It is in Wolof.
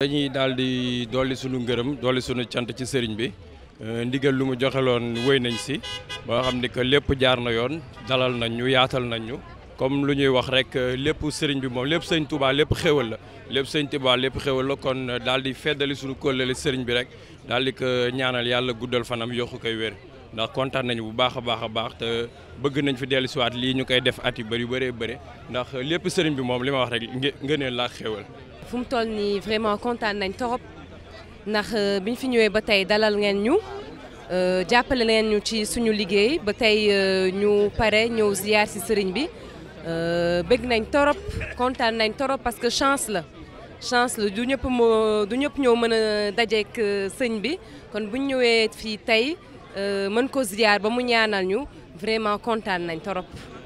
dañuy daal di dolli sunu ngërëm dolli sunu cant ci sëriñ bi euh, ndigal lu mu joxeloon wéy nañ si boo xam ni que lépp jaar na yoon dalal nañ ñu yaatal nañ ñu comme lu ñuy wax rek euh, lépp sëriñ bi moom lépp sëñ Touba lépp xéwal la lépp sëñ Touba lépp xéwal la kon daal di feddali sunu kóllële sëriñ bi rek daal di ko ñaanal yàlla guddal fanam yokku koy wér ndax kontaan nañu bu baax a baax a baax te bëgg nañ fi dellusiwaat lii ñu koy def at yu bëri bëree bëri ndax lépp sëriñ bi moom li ma wax rek ngëneel laa xéwal fu mu toll nii vraiment kontaan nañ torop ndax euh, biñ fi ñëwee ba tey dalal ngeen ñu euh, jàppale ngeen ñu ci suñu liggéey ba tey euh, ñu pare ñëw ziyaar si sëriñ bi bëgg nañ torop kontaan nañ torop parce que chance la chance la du ñëpp moo du ñëpp ñoo mën a dajeek sëñ bi kon buñ ñëwee fii tey mën ko ziyaar ba mu ñaanal ñu vraiment kontaan nañ torop